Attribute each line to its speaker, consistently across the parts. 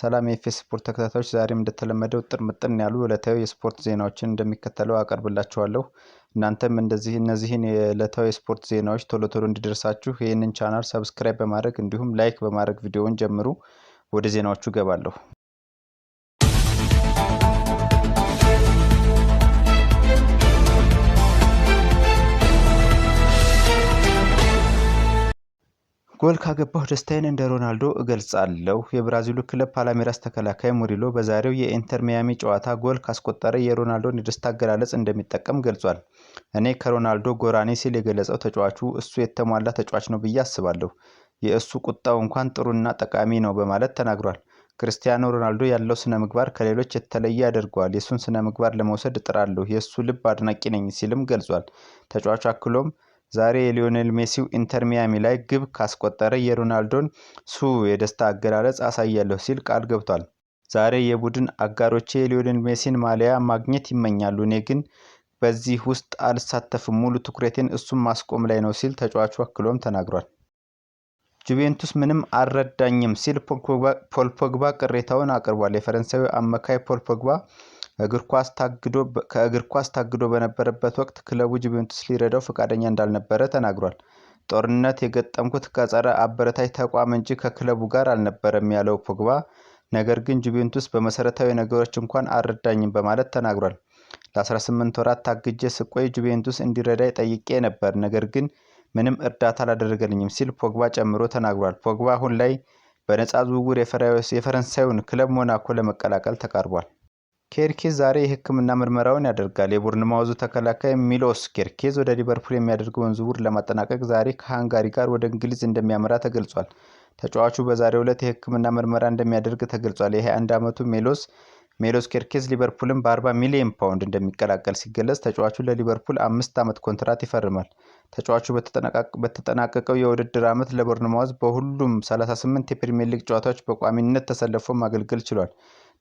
Speaker 1: ሰላም የኤፌስ ስፖርት ተከታታዮች ዛሬም እንደተለመደው እጥር ምጥን ያሉ ዕለታዊ የስፖርት ዜናዎችን እንደሚከተለው አቀርብላችኋለሁ። እናንተም እንደዚህ እነዚህን የዕለታዊ የስፖርት ዜናዎች ቶሎ ቶሎ እንዲደርሳችሁ ይህንን ቻናል ሰብስክራይብ በማድረግ እንዲሁም ላይክ በማድረግ ቪዲዮውን ጀምሩ። ወደ ዜናዎቹ እገባለሁ። ጎል ካገባሁ ደስታዬን እንደ ሮናልዶ እገልጻለሁ። የብራዚሉ ክለብ ፓላሜራስ ተከላካይ ሙሪሎ በዛሬው የኢንተር ሚያሚ ጨዋታ ጎል ካስቆጠረ የሮናልዶን የደስታ አገላለጽ እንደሚጠቀም ገልጿል። እኔ ከሮናልዶ ጎራኒ ሲል የገለጸው ተጫዋቹ እሱ የተሟላ ተጫዋች ነው ብዬ አስባለሁ። የእሱ ቁጣው እንኳን ጥሩና ጠቃሚ ነው በማለት ተናግሯል። ክርስቲያኖ ሮናልዶ ያለው ስነ ምግባር ከሌሎች የተለየ ያደርገዋል። የእሱን ስነ ምግባር ለመውሰድ እጥራለሁ። የእሱ ልብ አድናቂ ነኝ ሲልም ገልጿል። ተጫዋቹ አክሎም ዛሬ የሊዮኔል ሜሲው ኢንተር ሚያሚ ላይ ግብ ካስቆጠረ የሮናልዶን ሱ የደስታ አገላለጽ አሳያለሁ ሲል ቃል ገብቷል። ዛሬ የቡድን አጋሮቼ የሊዮኔል ሜሲን ማሊያ ማግኘት ይመኛሉ፣ እኔ ግን በዚህ ውስጥ አልሳተፍም፣ ሙሉ ትኩረቴን እሱም ማስቆም ላይ ነው ሲል ተጫዋቹ አክሎም ተናግሯል። ጁቬንቱስ ምንም አልረዳኝም ሲል ፖል ፖግባ ቅሬታውን አቅርቧል። የፈረንሳዊ አማካይ ፖል ፖግባ ከእግር ኳስ ታግዶ በነበረበት ወቅት ክለቡ ጁቬንቱስ ሊረዳው ፈቃደኛ እንዳልነበረ ተናግሯል። ጦርነት የገጠምኩት ከጸረ አበረታች ተቋም እንጂ ከክለቡ ጋር አልነበረም ያለው ፖግባ ነገር ግን ጁቬንቱስ በመሰረታዊ ነገሮች እንኳን አልረዳኝም በማለት ተናግሯል። ለ18 ወራት ታግጄ ስቆይ ጁቬንቱስ እንዲረዳኝ ጠይቄ ነበር፣ ነገር ግን ምንም እርዳታ አላደረገልኝም ሲል ፖግባ ጨምሮ ተናግሯል። ፖግባ አሁን ላይ በነፃ ዝውውር የፈረንሳዩን ክለብ ሞናኮ ለመቀላቀል ተቃርቧል። ኬርኬ ዛሬ የሕክምና ምርመራውን ያደርጋል። የቦርንማውዙ ተከላካይ ሚሎስ ኬርኬዝ ወደ ሊቨርፑል የሚያደርገውን ዝውውር ለማጠናቀቅ ዛሬ ከሃንጋሪ ጋር ወደ እንግሊዝ እንደሚያመራ ተገልጿል። ተጫዋቹ በዛሬው ዕለት የሕክምና ምርመራ እንደሚያደርግ ተገልጿል። የ21 ዓመቱ ሜሎስ ሜሎስ ኬርኬዝ ሊቨርፑልን በ40 ሚሊዮን ፓውንድ እንደሚቀላቀል ሲገለጽ ተጫዋቹ ለሊቨርፑል አምስት ዓመት ኮንትራት ይፈርማል። ተጫዋቹ በተጠናቀቀው የውድድር ዓመት ለቦርንማውዝ በሁሉም 38 የፕሪምየር ሊግ ጨዋታዎች በቋሚነት ተሰልፎ ማገልገል ችሏል።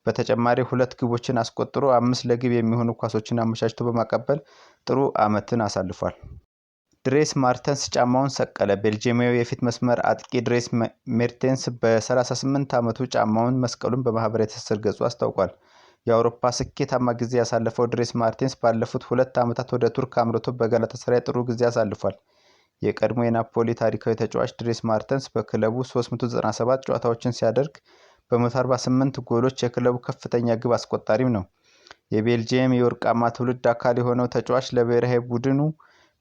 Speaker 1: በተጨማሪ ሁለት ግቦችን አስቆጥሮ አምስት ለግብ የሚሆኑ ኳሶችን አመቻችቶ በማቀበል ጥሩ ዓመትን አሳልፏል። ድሬስ ማርተንስ ጫማውን ሰቀለ። ቤልጅየማዊ የፊት መስመር አጥቂ ድሬስ ሜርቴንስ በ38 ዓመቱ ጫማውን መስቀሉን በማህበራዊ ትስስር ገጹ አስታውቋል። የአውሮፓ ስኬታማ ጊዜ ያሳለፈው ድሬስ ማርቲንስ ባለፉት ሁለት ዓመታት ወደ ቱርክ አምርቶ በጋላታሳራይ ጥሩ ጊዜ አሳልፏል። የቀድሞ የናፖሊ ታሪካዊ ተጫዋች ድሬስ ማርተንስ በክለቡ 397 ጨዋታዎችን ሲያደርግ በ148 ጎሎች የክለቡ ከፍተኛ ግብ አስቆጣሪም ነው። የቤልጅየም የወርቃማ ትውልድ አካል የሆነው ተጫዋች ለብሔራዊ ቡድኑ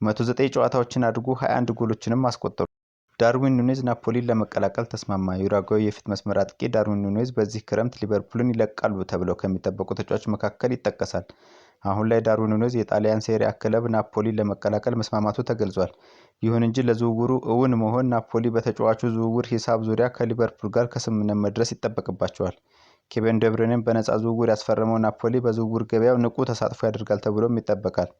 Speaker 1: 109 ጨዋታዎችን አድርጎ 21 ጎሎችንም አስቆጠሩ። ዳርዊን ኑኔዝ ናፖሊን ለመቀላቀል ተስማማ። ዩራጓዊ የፊት መስመር አጥቂ ዳርዊን ኑኔዝ በዚህ ክረምት ሊቨርፑልን ይለቃሉ ተብለው ከሚጠበቁ ተጫዋች መካከል ይጠቀሳል። አሁን ላይ ዳርዊን ኑኔዝ የጣሊያን ሴሪያ ክለብ ናፖሊን ለመቀላቀል መስማማቱ ተገልጿል። ይሁን እንጂ ለዝውውሩ እውን መሆን ናፖሊ በተጫዋቹ ዝውውር ሂሳብ ዙሪያ ከሊቨርፑል ጋር ከስምምነት መድረስ ይጠበቅባቸዋል። ኬቨን ደብሬንን በነፃ ዝውውር ያስፈረመው ናፖሊ በዝውውር ገበያው ንቁ ተሳትፎ ያደርጋል ተብሎም ይጠበቃል።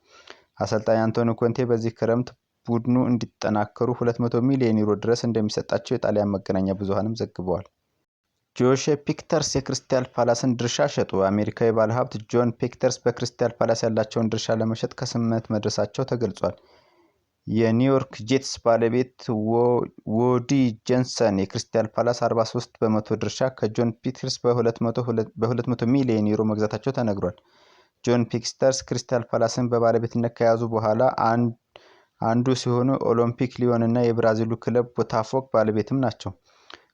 Speaker 1: አሰልጣኝ አንቶኒ ኮንቴ በዚህ ክረምት ቡድኑ እንዲጠናከሩ 200 ሚሊዮን ዩሮ ድረስ እንደሚሰጣቸው የጣሊያን መገናኛ ብዙሃንም ዘግበዋል። ጆሽ ፒክተርስ የክሪስታል ፓላስን ድርሻ ሸጡ። አሜሪካዊ ባለሀብት ጆን ፒክተርስ በክሪስታል ፓላስ ያላቸውን ድርሻ ለመሸጥ ከስምምነት መድረሳቸው ተገልጿል። የኒውዮርክ ጄትስ ባለቤት ዎዲ ጆንሰን የክሪስታል ፓላስ 43 በመቶ ድርሻ ከጆን ፒክተርስ በ200 ሚሊዮን ዩሮ መግዛታቸው ተነግሯል። ጆን ፒክተርስ ክሪስታል ፓላስን በባለቤትነት ከያዙ በኋላ አንዱ ሲሆኑ ኦሎምፒክ ሊዮን እና የብራዚሉ ክለብ ቦታፎግ ባለቤትም ናቸው።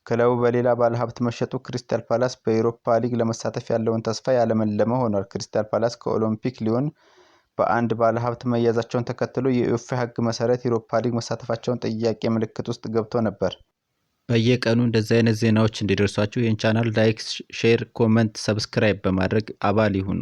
Speaker 1: ክለቡ በሌላ ባለሀብት መሸጡ ክሪስታል ፓላስ በዩሮፓ ሊግ ለመሳተፍ ያለውን ተስፋ ያለመለመ ሆኗል። ክሪስታል ፓላስ ከኦሎምፒክ ሊዮን በአንድ ባለሀብት መያዛቸውን ተከትሎ የዩኤፋ ሕግ መሰረት ዩሮፓ ሊግ መሳተፋቸውን ጥያቄ ምልክት ውስጥ ገብቶ ነበር። በየቀኑ እንደዚህ አይነት ዜናዎች እንዲደርሷችሁ ይህን ቻናል ላይክ፣ ሼር፣ ኮመንት፣ ሰብስክራይብ በማድረግ አባል ይሁኑ።